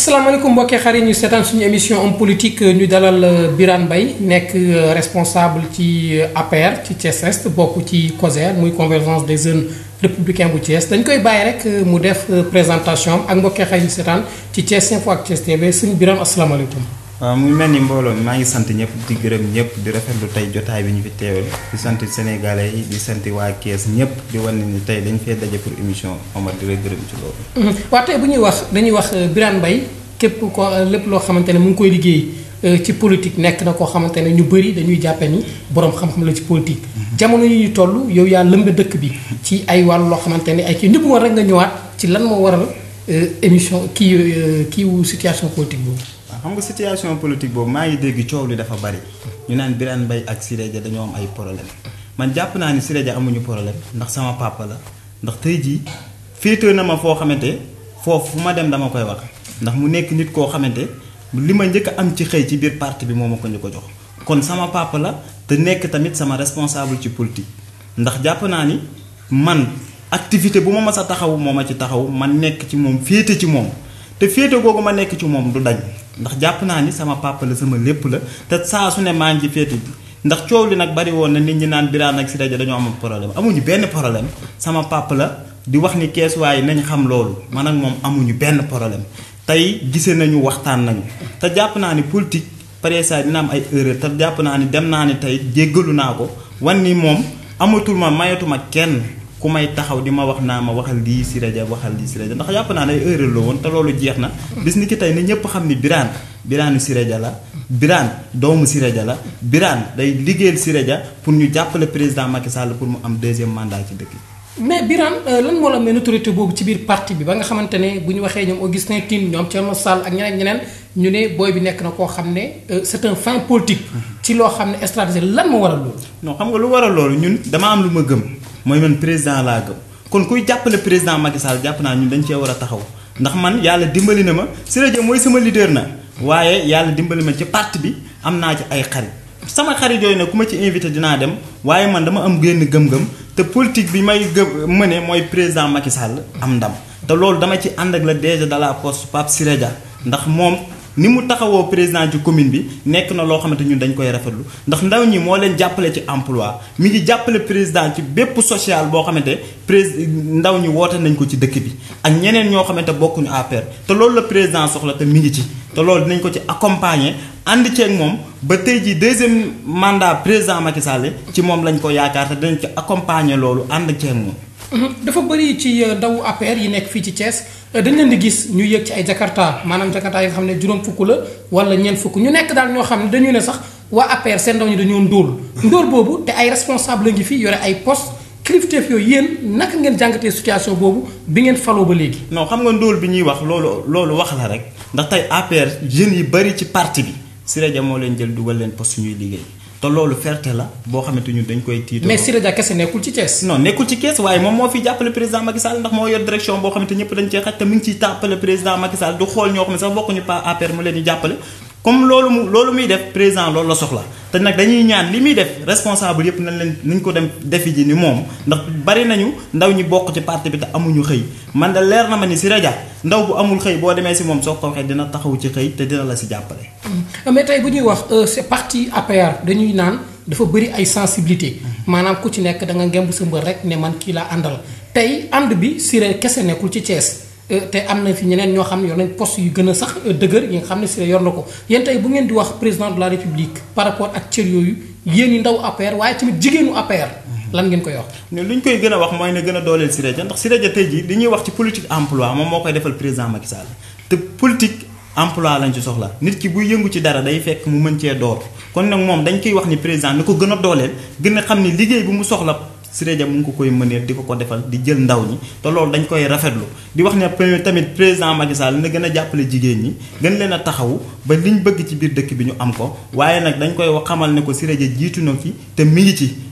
asalaamaaleykum mbokki xarit ñu seetaan suñu émission homme politique ñu dalal euh, Birane Bay nek euh, responsable ci euh, APR ci Thiès Est bokk ci COSER muy convergence des jeunes républicains bu Thiès dañ koy bàyyi rek mu def présentation ak mbokki xarit ñu seetaan ci Thiès Info ak Thiès TV suñu Birane asalaamaaleykum. waaw euh, mu mel ni mbooloo maa ngi sant ñëpp di gërëm ñëpp di rafet rafetlu tey jotaay bi ñu fi teewal di sant sénégalais yi di sant waa kees ñëpp di wan ni tey dañ fee daje pour émission gërëm ci bu ñuy wax dañuy wax euh, Birane Mbaye képp euh, lépp loo xamante ne mu ngi koy liggéey ci politique nekk na koo xamante ne ñu bëri dañuy jàppe ni borom xam-xam la ci politique. jamono yi ñu toll yow yaa lëmbe dëkk bi ci ay wàllu loo xamante ni ay kii ñëpp war rek nga ñëwaat ci lan moo waral émission kii kii wu situation politique xam nga situation politique boobu maa ngi dégg coow li dafa bari ñu naan Birane mbay ak Siré Dia dañoo am ay problème man jàpp naa ni Siré Dia amuñu poroblème ndax sama papa la ndax tey jii féetee na ma foo xamante foofu fu ma dem dama koy wax ndax mu nekk nit koo xamante li ma njëkk am ci xëy ci biir parti bi moo ma ko ñu ko jox kon sama papa la te nekk tamit sama responsable ci politique ndax jàpp naa ni man activité bu ma mas a taxaw moo ma ci taxaw man nekk ci moom féete ci moom te féete googu ma nekk ci moom du dañ ndax jàpp naa ni sama papa la sama lépp la te saa su ne maa ngi ci féete bi ndax coow li nag bari woon na nit ñi naan Birane ak si Dia dañoo am problème amuñu benn problème sama papa la di wax ni kees waaye nañ xam loolu man ak moom amuñu benn problème tey gise nañu waxtaan nañu te jàpp naa ni politique pare saa dina am ay erreur te jàpp naa ni dem naa ni tey jéggalu naa ko wan nii moom amatul ma mayatuma kenn ku may taxaw di ma wax naa ma waxal lii si rajo waxal lii si rajo ndax yàpp naa ne ay erreur woon te loolu jeex na. bis ni ki tey ne ñëpp xam ni Birane Biraanu si rajo la. biraan doomu si rajo la. Birane day liggéeyal si rajo pour ñu jàppale président Macky Sall pour mu am deuxième mandat ci dëkk yi. mais Birane euh, lan moo la mel autorité boobu ci biir parti bi ba nga xamante ne bu ñu waxee ñoom Augustin Tine ñoom Thierno Sall ak ñeneen ñeneen ñu ne booy bi nekk na koo xam ne euh, c'est un fin politique. Mm-hmm. ci loo xam ne stratégie lan moo waral loolu. non xam nga lu waral loolu ñun dama am lu ma gëm. mooy man président laa gëm kon kuy jàppale président Macky Sall jàpp naa ñun dañ cee war a taxaw ndax man yàlla dimbali na ma Siré Dia mooy sama leader na waaye yàlla dimbali ma ci parti bi am naa ci ay xarit sama xarit yooyu nag ku ma ci invité dinaa dem waaye man dama am génn gëm-gëm te politique bi may gëm mëne mooy président Macky Sall am ndam te loolu dama ci ànd ak la DG de la poste Pape Siré Dia ndax moom ni mu taxawoo président ji commune bi nekk na loo xamante ñun dañ koy rafetlu ndax ndaw ñi moo leen jàppale ci emploi mi ngi jàppale président ci bépp social boo xamante prés ndaw ñi woote nañ ko ci dëkk bi ak ñeneen ñoo xamante bokkuñu APR te loolu la président soxla te mi ngi ci te loolu dinañ ko ci accompagner ànd ceeg moom ba tey jii deuxième mandat président Macky Sall ci moom lañ ko yaakaar te dinañ ci accompagner loolu ànd ceeg moom. Mhm. dafa bëri ci euh, ndawu APR yi nekk fii ci cees euh, dañ leen di gis ñu yëg ci ay jakarta maanaam jakarta yi nga xam ne juróom fukk la wala ñeent fukk ñu nekk daal ñoo xam ne dañu ne sax waa APR seen ndaw ñi dañoo ndóol ndóol boobu te ay responsable la ngi fi yore ay post kilifteef yooyu yéen naka ngeen jàngatee situation boobu bi ngeen faloo ba léegi noo xam nga ndóol bi ñuy wax loolu loolu wax la rek ndax tey APR jeunes yi bëri ci parti bi Siré Dia moo leen jël dugal leen poste ñuy liggéey te loolu ferte la boo xamante ñu dañ koy tiitoo. mais Siré Dia kese nekkul ci Thiès. non nekkul ci Thiès waaye moom moo fi jàppale président Macky Sall ndax moo yor direction boo xamante ñëpp dañ cee xaj te mi ngi ciy tàppale président Macky du xool ñoo xam ne sax bokkuñu pas APR mu leen di jàppale comme loolu mu loolu muy def président loolu la soxla te nag dañuy ñaan li muy def responsable yëpp nañ leen nañ ko dem defi ji ni moom ndax bari nañu ndaw ñi bokk ci parti bi te amuñu xëy man da leer na ma ni si ndaw bu amul xëy boo demee si moom soo ko waxee dina taxaw ci xëy te dina la si jàppale. Mm. mais tey bu ñuy wax euh, c'est parti APR dañuy naan dafa bëri ay sensibilité mm. maanaam ku ci nekk da nga ngemb sa mbër rek ne man kii laa àndal tey ànd bi sire kese nekkul ci Thiès. Euh, te am na fi ñeneen ñoo xam ne yor nañ poste yu gën a sax euh, dëgër yi nga xam ne si yor na ko yéen tey bu ngeen di wax président de la république par rapport ak cër yooyu yéen yi ndaw APR waaye tamit jigéenu APR. lan ngeen koy wax. ne lu ñu koy gën a wax mooy ne gën dooleel Siré ndax Siré Dia tey jii wax ci politique emploi moom moo koy defal président Macky Sall lañ ci soxla nit ki buy yëngu ci dara day fekk mu mën cee door kon nag moom dañ koy wax ni président ni ko gën a dooleel gën a xam ni liggéey bi mu soxla. Siré Dia mu ngi ko koy mëneel di ko ko defal di jël ndaw ñi te loolu dañ koy rafetlu di wax ne tamit président Macky Sall na gën a jàppale jigéen ñi gën leen a taxawu ba liñ bëgg ci biir dëkk bi ñu am ko waaye nag dañ koy xamal ne ko Siré Dia jiitu na fi te mi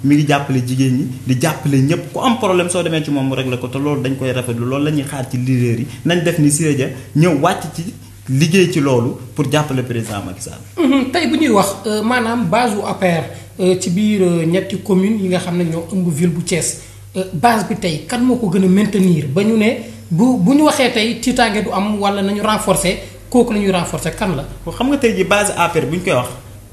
mi ngi jàppale jigéen ñi di jàppale ñëpp ku am problème soo demee ci moom mu la ko te lool dañ koy rafetlu loolu la ñuy xaar ci leader yi nañ def ni Siré Dia ñëw wàcc ci liggéey ci loolu pour jàppale président Macky Sall. tey bu ñuy wax euh, maanaam base u APR Euh, ci biir euh, ñetti commune yi nga xam ne ñoo ëmb ville bu Thiès euh, base bi tey kan moo ko gën a maintenir ba ñu ne bu bu ñu waxee tey tiitaange du am wala nañu renforcer kooku la ñuy renforcer kan la. xam nga tey ji base APR bu ñu koy wax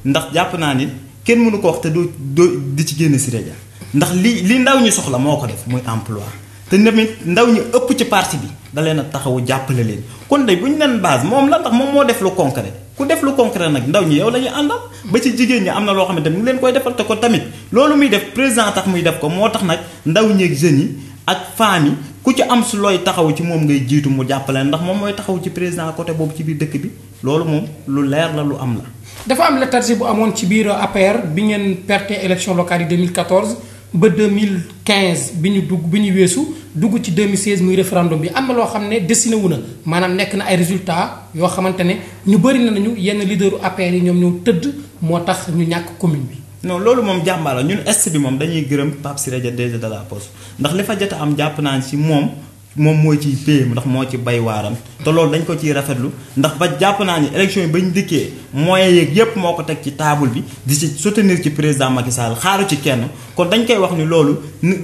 ndax jàpp naa ni kenn mënu ko wax te doo doo di ci génn si rajo ndax li li ndaw ñu soxla moo ko def muy emploi. te tamit ndaw ñi ëpp ci parti bi da leen a taxawu jàppale leen kon de bu ñu leen base moom la ndax moom moo def lu concret ku def lu concret nag ndaw ñi yow la ñuy àndal ba ci jigéen ñi am na loo xamante ni leen koy defal ko tamit loolu muy def président tax muy def ko moo tax nag ndaw ñi ak yi ak femmes yi ku ci am su looy taxaw ci moom ngay jiitu mu jàppale ndax moom mooy taxaw ci président côté boobu ci biir dëkk bi loolu moom lu leer la lu am la. dafa am léthargie bu amoon ci biir APR bi ngeen perte élection locale yi 2014. ba quinze bi ñu dugg bi ñu weesu dugg ci 2016 muy référendum bi am na loo xam ne dessiné wu na maanaam nekk na ay résultat yoo xamante ne ñu bëri na nañu yenn leaderu APR yi ñoom ñoo tëdd moo tax ñu ñàkk commune bi. non loolu moom jàmbaar la ñun est bi moom dañuy gërëm Pape Siré Dia déjà de la poste ndax li fa jot am jàpp naa ci moom. moom mooy ciy payam ndax moo ci bay waaram te loolu dañ ko ciy rafetlu ndax ba jàpp naa ni élection yi bañ dikkee mooy yeeg yépp moo ko teg ci taabul bi di si soutenir ci président Macky Sall xaaru ci kenn kon dañ koy wax ni loolu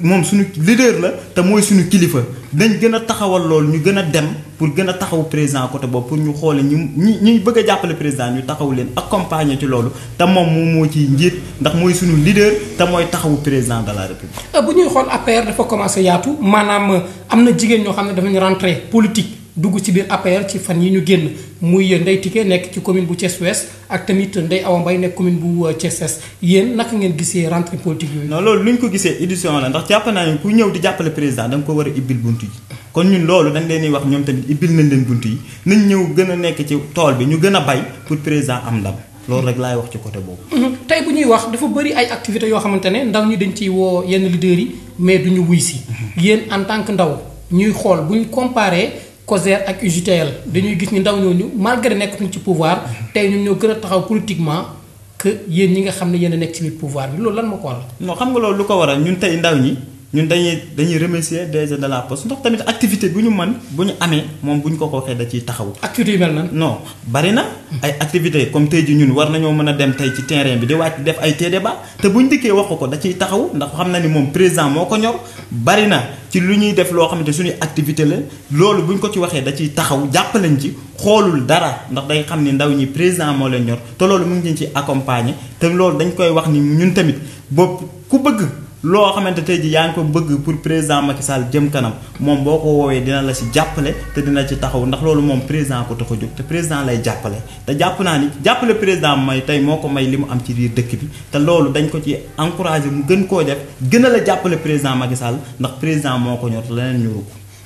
moom suñu leader la te mooy suñu kilifa dañ gën a taxawal loolu ñu gën a dem pour gën a taxaw président côté boobu pour ñu xoole ñu ñu ñuy bëgg a jàppale président ñu taxaw leen accompagner ci loolu te moom moom moo ciy njiit ndax mooy suñu leader te mooy taxawu président de la république. Euh, bu ñuy xool APR dafa commencé yaatu maanaam am na jigéen ñoo xam ne dafa ñu rentré politique. dugg ci biir APR ci fan yi ñu génn muy Ndeye Tické nekk ci commune bu Thiès Ouest ak tamit Ndeye Awa Mbaye nekk commune bu euh, Thiès Est yéen naka ngeen gisee rentrée politique yooyu. non loolu lu ñu ko gisee édition la ndax jàpp naa ne ku ñëw di jàppale président da ko war a ibbil bunt yi kon ñun loolu dañ leen di wax ñoom tamit ibbil nañ leen bunt yi nañ ñëw gën a nekk ci tool bi ñu gën a bay pour président am ndam. loolu rek laay wax ci côté boobu. Mhm. tey bu ñuy wax dafa bëri ay activités xamante ne ndaw dañ ciy woo yenn leaders yi mais duñu wuy si. Mhm. yéen en tant que ndaw ñuy xool buñ comparé COSER ak UJTL dañuy gis ni ndaw ñoo ñooñu malgré nekkatuñ ci pouvoir tey ñun ñoo gën a taxaw politiquement que yéen ñi nga xam ne yéen nekk ci biir pouvoir bi loolu lan ma ko waral. non xam nga loolu lu ko waral ñun tey ndaw ñi. ñun dañuy dañuy remercier DG de la poste ndox tamit activité bu ñu man bu ñu amee moom bu ñu ko ko waxee da ciy taxaw. activité nan non bari na hmm. ay activité comme tey ji ñun war nañoo mën a dem tey ci terrain bi di wàcc def ay débat te bu ñu dikkee wax ko da ciy taxaw ndax xam na ni moom président moo ko ñor bari na ci lu ñuy def loo xamante suñuy activité la loolu bu ñu ko ci waxee da ciy taxaw jàppalañ ji xoolul dara ndax day xam ni ndaw ñi président moo leen ñor te loolu mu ñu ci accompagner te loolu dañ koy wax ni ñun tamit bopp ku bëgg. loo xamante tey ji yaa ngi ko bëgg pour président Macky Sall jëm kanam moom boo ko woowee dina la si jàppale te dina ci taxaw ndax loolu moom président ko tax a jóg te président lay jàppale te jàpp naa ni jàppale président may tey moo ko may li mu am ci biir dëkk bi te loolu dañ ko ci encouragé mu gën koo def gën a la jàppale président Macky Sall ndax président moo ko ñor leneen ñuru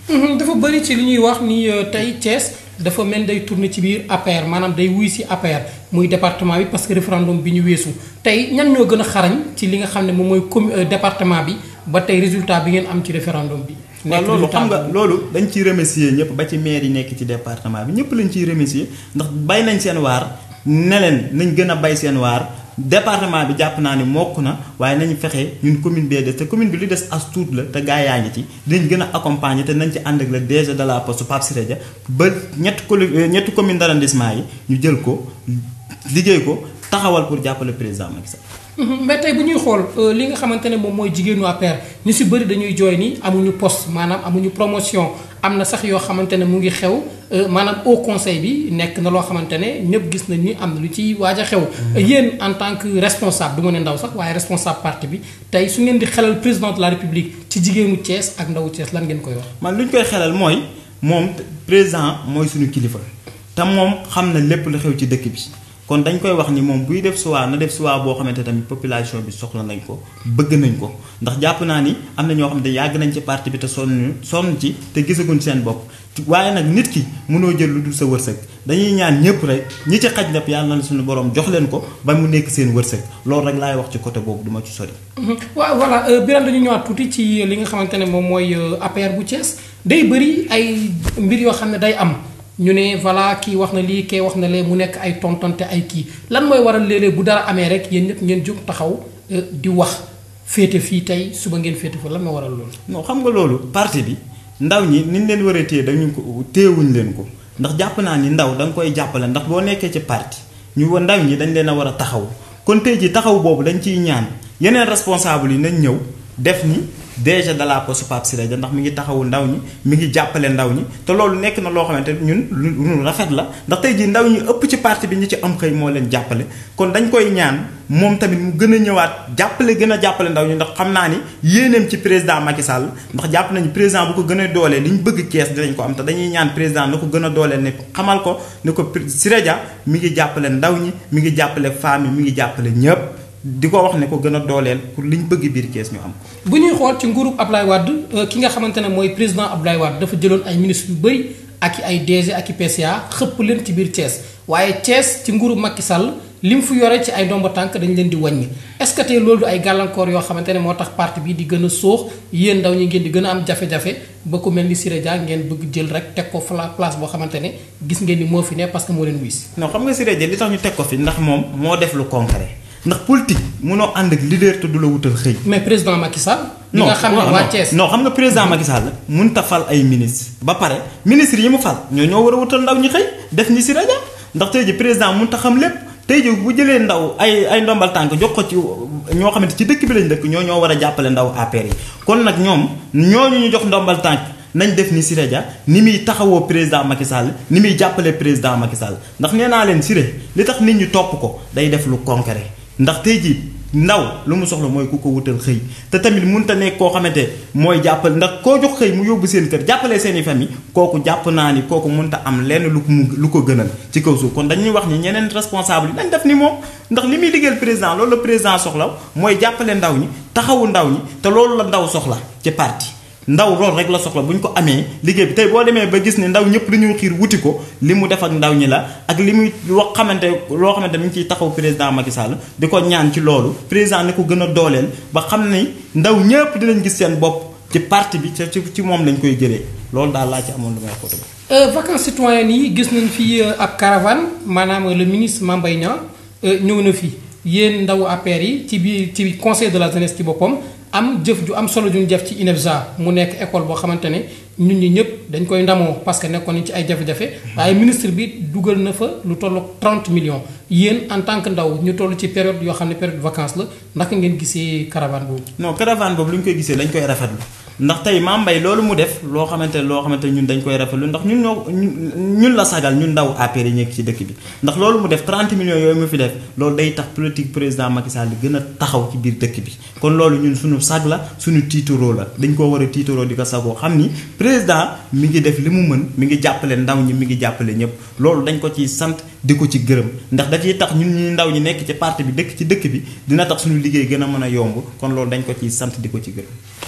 ko dafa bëri ci li ñuy wax ni euh, tey Thiès dafa mel day tourner ci biir APR maanaam day wuy si APR muy département bi parce que référendum bi ñu weesu tey ñan ñoo gën a xarañ ci li nga xam ne moom mooy commune euh, département bi ba tey résultat bi ngeen am ci référendum bi. waaw loolu xam nga loolu dañ ciy remercier ñëpp ba ci maire yi nekk ci département bi ñëpp lañ ciy remercier ndax bay nañ seen waar ne nañ gën a bay seen waar. département bi jàpp naa ne mokk na waaye nañu fexe ñun commune bee des te commune bi lu des as tuut la te gaa yaa ngi ci dinañ gën a accompagner te nañ ci ànd ak le DG de la poste Pape Siré Dia ba ñett coli ñetti commune euh, d' arrondissement yi ñu jël ko liggéey ko taxawal pour jàppale président Macky Sall mais tay bu ñuy xool euh, li nga xamantene ne moom mooy jigéenu APR ñu si bëri dañuy jooy ni amuñu poste maanaam amuñu promotion am na sax yoo xamantene ne mu ngi xew euh, maanaam au conseil bi nekk na loo xamantene ne ñëpp gis nañ ni am na lu ci waaj a xew. Mm-hmm. yéen en tant que responsable du ma ne ndaw sax waaye responsable parti bi tey su ngeen di xelal président de la république ci jigéenu Thiès ak ndawu Thiès lan ngeen koy wax. man luñ koy xelal mooy moom président mooy suñu kilifa te moom xam na lépp lu xew ci dëkk bi. kon dañ koy wax nii moom buy def choix na def choix boo xamante tamit population bi soxla nañ ko bëgg nañ ko ndax jàpp naa ni am na ñoo xam xamante yàgg nañ ci parti bi te sonn sonn ci te gisaguñ seen bopp waaye nag nit ki munoo jël lu dul sa wërsëg dañuy ñaan ñëpp rek ñi ci xaj lépp yàlla na suñu borom jox leen ko ba mu nekk seen wërsëg loolu rek laay wax ci côté boobu duma ci sori. waaw voilà euh, Birame dañu ñëwaat tuuti ci euh, li nga xamante ne moom mooy euh, APR bu Thiès day bëri ay mbir yoo xam ne day am. ñu ne voilà kii wax na lii kee wax na lee mu nekk ay tontonte ay kii lan mooy waral léeg-léeg bu dara amee rek yéen ñëpp ngeen jóg taxaw euh, di wax féete fii tey suba ngeen féete fa lan moo waral loolu. non xam nga loolu parti bi ndaw ñi ni leen war a téye dañu ko téewuñ leen ko ndax jàpp naa ni ndaw da nga koy jàppale ndax boo nekkee ci parti ñu wa ndaw ñi dañ leen a war a taxaw kon tey ji taxaw boobu dañ ciy ñaan yeneen responsable yi nañ ñëw def ni. déjà de la poste Pape Siré ndax mi ngi taxawu ndaw ñi mi ngi jàppale ndaw ñi te loolu nekk na loo xamante ñun lu rafet la ndax tey jii ndaw ñi ëpp ci parti bi ñu ci am xëy moo leen jàppale kon dañ koy ñaan moom tamit mu gën a ñëwaat jàppale gën a jàppale ndaw ñi ndax xam naa ni yéeneem ci président Macky Sall ndax jàpp nañu président bu ko gën a doolee li ñu bëgg kees dinañ ko am te dañuy ñaan président na ko gën a doolee ne xamal ko ne ko Siré mi ngi jàppale ndaw ñi mi ngi jàppale femme mi ngi jàppale ñëpp di ko wax ne ko gën a dooleel pour liñ bëgg biir kees ñu am ko bu ñuy xool ci nguurub Ablaye Wade euh, ki nga xamante ne mooy président Ablaye Wade dafa jëloon ay ministre yu bëri ak ay DG ak PCA xëpp leen ci biir Thiès waaye Thiès ci nguurub Macky Sall lim fu yore ci ay ndomba tànk dañ leen di wàññi est ce que tey loolu ay gàllankoor yoo xamante ne moo tax parti bi di gën a sóox yéen ndaw ñi ngeen di gën a am jafe-jafe ba ku mel ni Siré Dia ngeen bëgg jël rek teg ko fla place boo xamante ne gis ngeen ni moo fi ne parce que moo leen wis non xam nga Siré Dia li tax ñu teg ko fi ndax moom moo def lu concret ndax politique mënoo ànd ak leader te du la wutal xëy. mais président Macky Sall. non nga xam ne waa Thiès xam nga président Macky Sall mënut a fal ay ministre ba pare ministre yi mu fal ñoo ñoo war a wutal ndaw ñi xëy def ñi si rajo ndax tey ji président mun a xam lépp tey ji bu jëlee ndaw ay ay ndombal tànk jox ko ci ñoo xamante ci dëkk bi lañ dëkk ñoo ñoo war a jàppale ndaw APR yi kon nag ñoom ñoo ñu jox ndombal tànk. nañ def ni Siré ja ni muy taxawoo président Macky Sall ni muy jàppale président Macky Sall ndax nee naa leen Siré li tax nit ñu topp ko day def lu concret ndax tey jii ndaw lu mu soxla mooy ku ko wutal xëy te tamit mun ta nekk koo xamante mooy jàppale ndax koo jox xëy mu yóbbu seen kër jàppale seeni i kooku jàpp naa ni kooku mun ta am lenn lu mu lu ko gënal ci kaw suuf kon dañuy wax ni ñeneen responsable yi nañ def ni moom ndax li muy liggéeyal président loolu la président soxla mooy jàppale ndaw ñi taxawu ndaw ñi te loolu la ndaw soxla ci parti ndaw loolu rek la soxla bu ñu ko amee liggéey bi tey boo demee ba gis ne ndaw ñëpp dañoo xiir wuti ko li mu def ak ndaw ñi la ak li muy wax xamante loo xamante mi ngi ciy taxaw président Macky Sall di ko ñaan ci loolu président ne ko gën a dooleel ba xam ne ndaw ñëpp dinañ gis seen bopp ci parti bi ci ci moom lañ koy jëlee loolu daal laa ci amoon lu may xóotu euh, ba. vacances citoyennes yi gis nañ fi euh, ab caravane maanaam euh, le ministre Mame Mbaye Niang ñëw na fii yéen ndaw APR yi ci biir ci conseil de la jeunesse ci boppam. am jëf ju am solo ju ñu jëf ci INEFJA mu nekk école boo xamante ne ñun ñi ñëpp dañ koy ndamoo parce que nekkoon nañ ci ay jafe-jafe waaye ministre bi dugal na fa lu tollu trente million yéen en tant que ndaw ñu toll ci période yoo xam ne période vacances la naka ngeen gisee caravane boobu. non caravane boobu lu ñu koy gisee lañ koy rafetlu. ndax tey Mame Mbaye loolu mu def loo xamante loo xamante ñun dañ koy rafetlu ndax ñun ñoo ñun la sagal ñu ndaw APR yi nekk ci dëkk bi ndax loolu mu def 30 millions yooyu mu fi def loolu day tax politique président Macky Sall di gën a taxaw ci biir dëkk bi kon loolu ñun suñu sag la suñu tiitaroo la dañ koo war a tiitaroo di ko sagoo xam ni président mi ngi def li mu mën mi ngi jàppale ndaw ñi mi ngi jàppale ñëpp loolu dañ ko ciy sant di ko ci gërëm ndax dafay tax ñun ñu ndaw ñi nekk ci parti bi dëkk ci dëkk bi dina tax suñu liggéey gën a mën a yomb kon loolu dañ ko ciy sant di ko ci gërëm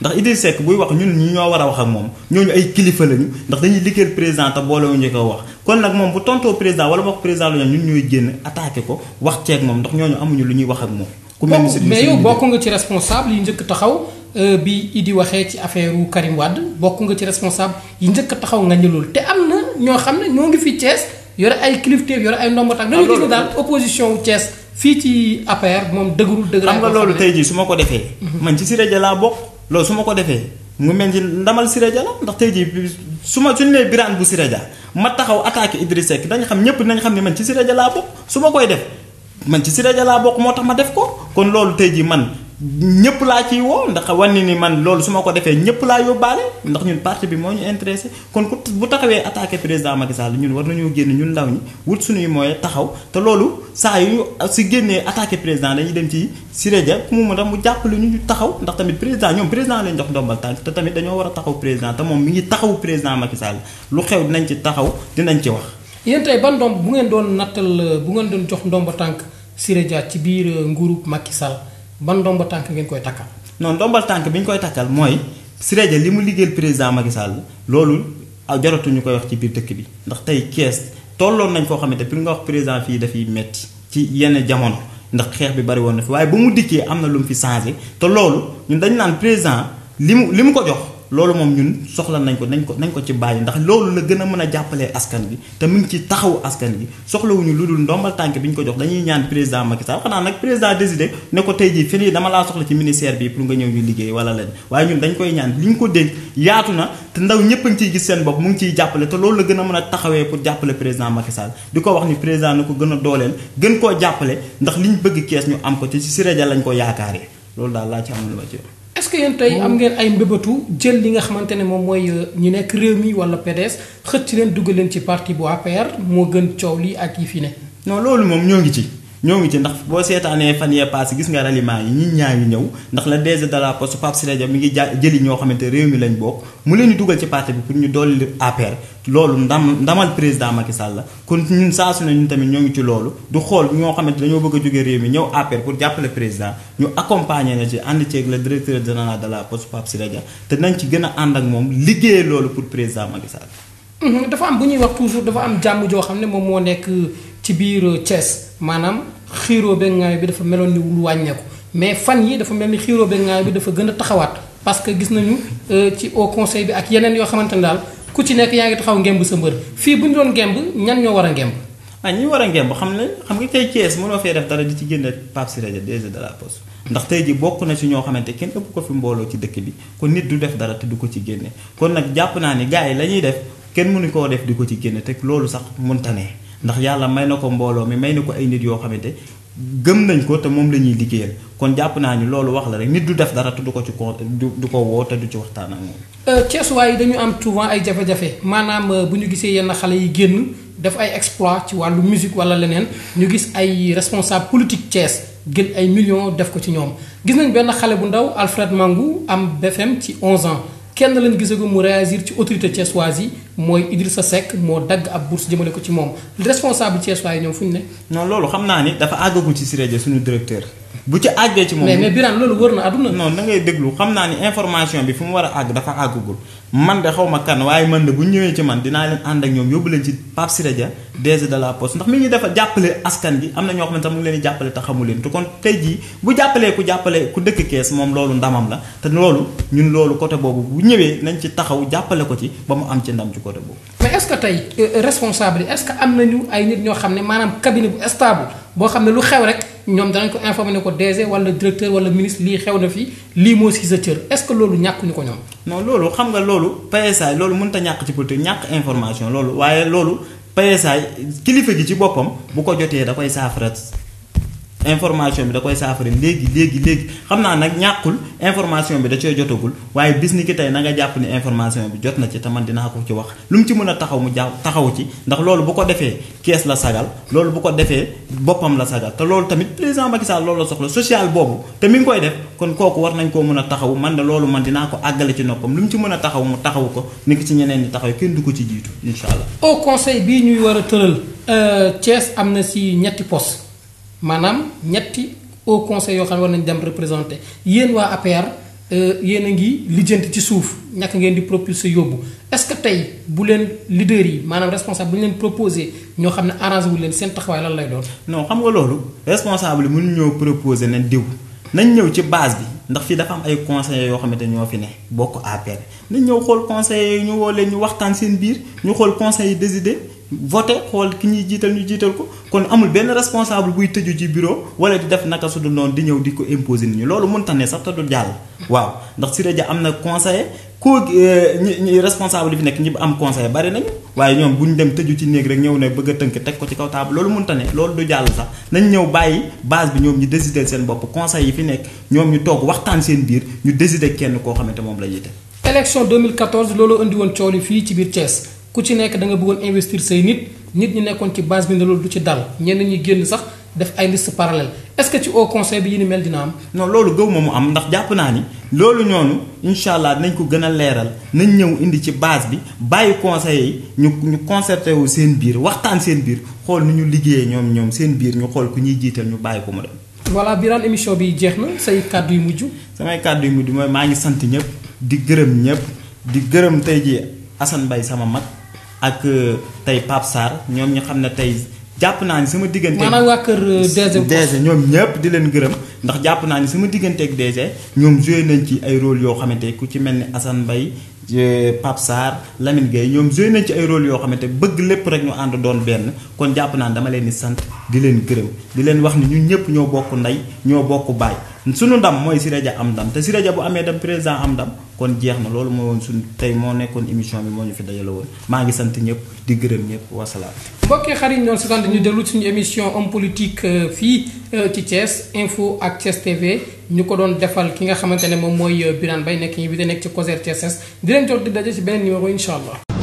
ndax Idrissa Seck buy wax ñun ñu ñoo war a wax ak moom ñooñu ay kilifa lañu ndax dañuy liggéeyal président te boolewuñu ñu ko wax kon nag moom bu tontoo président wala wax président lu ñun ñooy génn attaqué ko wax ceeg moom ndax ñooñu amuñu lu ñuy wax ak moom. ku mel ni mais yow bokk nga ci responsable yi njëkk taxaw euh, bi Idi waxee ci affaire Karim Wade bokk nga ci responsable yi njëkk taxaw nga ñëlul te am na ñoo xam ne ñoo ngi fi Thiès yore ay kilifteef yore ay ndombo tànk. Ah, dañu gis ne daal opposition Thiès fii ci APR moom dëgërul dëgëraay. xam nga loolu tey jii su ma ko defee. Mhm. man ci Siré Dia laa bokk loolu su ma ko defee mu mel ni ndamal Siré Dia la ndax tey jii su ma suñu nee Birane bu Siré Dia ma taxaw attaqué Idriss Seck dañ xam ñëpp dinañ xam ne man ci Siré Dia laa bokk su ma koy def man ci Siré Dia laa bokk moo tax ma def ko kon loolu tey jii man. ñëpp laa ciy woo ndax wanni ni man loolu su ma ko defee ñëpp laa yóbbaale ndax ñun parti bi moo ñu intéressé kon ku bu taxawee attaqué président Macky Sall ñun war nañoo génn ñun ndaw ñi wut suñuy mooy taxaw te loolu saa yu ñu si génnee attaqué président dañuy dem ci Siré Dia ku mu mën a mu jàppale ñu ñu taxaw ndax tamit président ñoom président lañ jox ndombal tànk te tamit dañoo war a taxaw président te moom mi ngi taxaw président Macky lu xew dinañ ci taxaw dinañ ci wax. yéen tey ban ndomb bu ngeen doon nattal bu ngeen doon jox ndomba tànk Siré Dia ci biir nguurub Macky Sall ban ndombal tànk ngeen koy takkal. non ndombal tànk bi ñu koy takkal mooy Siré Dia li mu liggéeyal président Macky Sall loolu jaratu ñu koy wax ci biir dëkk bi ndax tey kees tolloon nañ koo xamante pour nga wax président fii dafay metti ci yenn jamono ndax xeex bi bari woon na fi waaye ba mu dikkee am na lu mu fi changé te loolu ñun dañ naan président li mu li mu ko jox. loolu moom ñun soxla nañ ko nañ ko nañ ko ci bàyyi ndax loolu la gën a mën a jàppale askan bi te mu ngi ci taxawu askan bi soxlawuñu lu dul ndombal tànk bi ñu ko jox dañuy ñaan président Macky Sall xanaa nag président décidé ne ko tey jii fii dama laa soxla ci ministère bi pour nga ñëw ñu liggéey wala leen waaye ñun dañ koy ñaan li ñu ko dénk yaatu na te ndaw ñëpp a ngi ciy gis seen bopp mu ngi ciy jàppale te loolu la gën a mën a taxawee pour jàppale président Macky Sall di wax ni président na ko gën a gën koo jàppale ndax li ñu bëgg kees ñu am ko ci si rajo lañ ko yaakaaree loolu daal laa ci amul ma est que yéen tey am ngeen ay mbébétu jël li nga xamante ne moom mooy euh, ñu nekk réew mi wala PDS xëcc leen dugg leen ci parti bu APR moo gën coow li ak yi fi ne. non loolu moom ñoo ngi ci. ñoo ngi ci ndax boo seetaanee fan yee passé gis nga ralliement yi ñi ñaa ngi ñëw ndax la DG de la poste Pape Siré Dia mi ngi jëli ñoo xamante réew mi lañ bokk mu leen ñu dugal ci parti bi pour ñu dolli APR loolu ndam ndamal président Macky Sall la kon ñun saa su ne ñun tamit ñoo ngi ci loolu du xool ñoo xamante dañoo bëgg a jógee réew mi ñëw APR pour jàppale président ñu accompagner na ci ànd ceeg le directeur général de la poste Pape Siré Dia te nañ ci gën a ànd ak moom liggéey loolu pour président Macky Sall dafa am bu ñuy wax toujours dafa am jàmm joo xam ne moom moo nekk ci biir Thiès maanaam xiiroo beeg ngaay bi dafa meloon ni lu wàññeeku mais fan yi dafa mel ni xiiroo beeg ngaay bi dafa gën a taxawaat parce que gis nañu euh, ci au conseil bi ak yeneen yoo xamante ne daal ku ci nekk yaa ngi taxaw ngemb sa mbër fii bu ñu doon ngemb ñan ñoo war a ngemb ah ñi war a ngemb xam ne xam nga tey Thiès mënoo fee def dara di ci génne Pape Siré rajo DG de la poste ndax tey ji bokk na ci ñoo xamante kenn ëpp ko fi mbooloo ci dëkk bi kon nit du def dara te du ko ci génne kon nag jàpp naa ni gars yi la ñuy def kenn mënu koo def di ko ci génne te loolu sax munta ne ndax yàlla may na ko mbooloo mi may na ko ay nit yoo xamante gëm nañ ko te moom la ñuy liggéeyal kon jàpp naa ni loolu wax la rek nit du def dara te du ko ci du ko woo te du ci waxtaan ak moom. Ceesuwaay euh, yi dañu am souvent ay jafe-jafe maanaam euh, bu ñu gisee yenn xale yi génn def ay exploit ci wàllu musique wala leneen ñu gis ay responsable politique Thiès gën ay millions def ko ci ñoom gis nañ benn xale bu ndaw Alfred Mangu am BFM ci 11 ans. kenn leen lañ gisagu mu réagir ci autorité thiessoise yi mooy sa sekk moo dagg ab bourse jëmale ko ci moom responsable thiessois yi ñoom fu ñu ne. non loolu xam naa ni dafa àggagu ci Siré Dia suñu directeur. bu ci àggee ci moom. mais mais Birane loolu wër na àdduna. non da ngay déglu xam naa ni information bi fu mu war a àgg dafa àggugul man de xaw ma kan waaye man de bu ñëwee ci man dinaa leen ànd ñoom yóbbu leen ci Pape Siré Dia la Poste ndax mi ngi dafa jàppale askan gi am na ñoo xam ne sax mu ngi leen di jàppale te xamu kon tey jii bu jàppalee jàppale ku dëkk kees moom loolu ndamam la te loolu ñun loolu côté boobu bu ñëwee nañ ci taxaw jàppale ko ci ba mu am ci ndam ci côté boobu. mais est-ce que tey euh, am nañu ay nit ñoo xam ne maanaam cabinet bu stable boo xam ne lu xew rek ñoom danañ ko informer ne ko DG wala directeur wala ministre lii xew na fi lii moo si sa cër est loolu ñàkk ñu ko ñoom. non loolu xam nga loolu PSA loolu mënut a ñàkk ci politique ñàkk information loolu waaye loolu PSA kilifa gi ci boppam bu ko jotee da koy saafara. information bi da koy saafara léegi léegi léegi xam naa nag ñàkkul information bi da cee jotagul waaye bis ni ki tey na nga jàpp ni information bi jot na ci te man dinaa ko ci wax lu mu ci mën a taxaw mu ja taxaw ci ndax loolu bu ko defee kees la sagal loolu bu ko defee boppam la sagal te loolu tamit président Macky Sall loolu soxla social boobu te mi ngi koy def kon kooku war nañ koo mën a taxaw man de loolu man dinaa ko àggale ci noppam lu mu ci mën a taxaw mu taxaw ko ni ki ci ñeneen taxaw kenn du ko ci jiitu incha allah. au conseil bii ñuy war a tëral euh, Thiès am na si ñetti postes maanaam ñetti au conseil yoo xam ne war nañ dem représenté yéen waa APR euh, yéen a ngi lijjanti ci suuf ñàkk ngeen di propulser yóbbu est-ce que tey bu leen leader yi maanaam responsable bu ñu leen proposé ñoo xam ne arrangé wu leen seen taxawaay lan lay doon. non xam nga loolu responsable yi mënu ñoo proposé nañ diw nañ ñëw ci base bi ndax fii dafa am ay conseillers yoo xamante ñoo fi ne bokk APR nañ ñëw xool conseillers yi ñu woo leen ñu waxtaan seen biir ñu xool conseil des voté xool ki ñuy jiital ñu jiital ko kon amul benn responsable buy tëju ci bureau wala di def naka su dul noonu di ñëw di ko imposer nit ñi loolu mën tax ne sax te du jàll. waaw ndax Siré Dia am na conseiller koo eh, ñi responsable yi fi nekk ñi am conseiller bari nañu waaye ñoom bu ñu dem tëju ci néeg rek ñëw ne bëgg tënk teg ko ci kaw table loolu mën tax ne loolu du jàll sax nañ ñëw bàyyi base bi ñoom ñu décider seen bopp conseil yi fi nekk ñoom ñu toog waxtaan seen biir ñu décider kenn koo xamante moom la ñuy de élection 2014 loolu indi woon coow li fii ci biir Thiès ku ci nekk da nga bëggoon investir say nit nit ñi nekkoon ci base bi ne loolu du ci dal ñenn ñi génn sax def ay liste parallèle est-ce que ci au conseil bi yi ni mel dina am. non loolu gëw ma am ndax jàpp naa ni loolu ñoonu incha allah nañ ko gën a leeral nañ ñëw indi ci base bi bàyyi conseil yi ñu ñu concerté wu seen biir waxtaan seen biir xool nu ñu liggéeyee ñoom ñoom seen biir ñu xool ku ñuy jiital ñu bàyyi ko mu dem. voilà Birane émission bi jeex na say kàddu yu mujj. samay kàddu yu mujj mooy maa ngi sant ñëpp di gërëm ñëpp di gërëm tey ji Assane Mbaye sama mag. ak euh, tey Pape Sarr ñoom ñu xam ne tey jàpp naa ni sama diggante. maanaam waa kër euh, DG. ñoom ñëpp di leen gërëm ndax jàpp naa ni sama diggante ak DG ñoom joué nañ ci ay rôle yoo xamante ku ci mel ni Assane Mbaye euh, Pape Sarr Lamine Gueye ñoom joué nañ ci ay rôle yoo xamante bëgg lépp rek ñu ànd doon benn kon jàpp naa dama leen di sant di leen gërëm di leen wax ni ñu ñëpp ñoo bokk ndey ñoo bokk baay suñu ndam mooy Siré Dia am ndam te Siré Dia bu amee dam président am ndam. kon jeex na loolu mooy woon suñ tey moo nekkoon émission bi moo ñu fi dajale woon maa ngi sant ñëpp di gërëm ñëpp wasalaam. mbokki xarit ñoon sant ñu dellu suñu émission homme politique euh, fii euh, ci Thiès info ak Thiès TV ñu ko doon defal ki nga xamante ne moom mooy euh, Birane bay nekk ñi bi de nekk ci Causerie Thiès di leen jot di daje ci beneen numéro incha allah.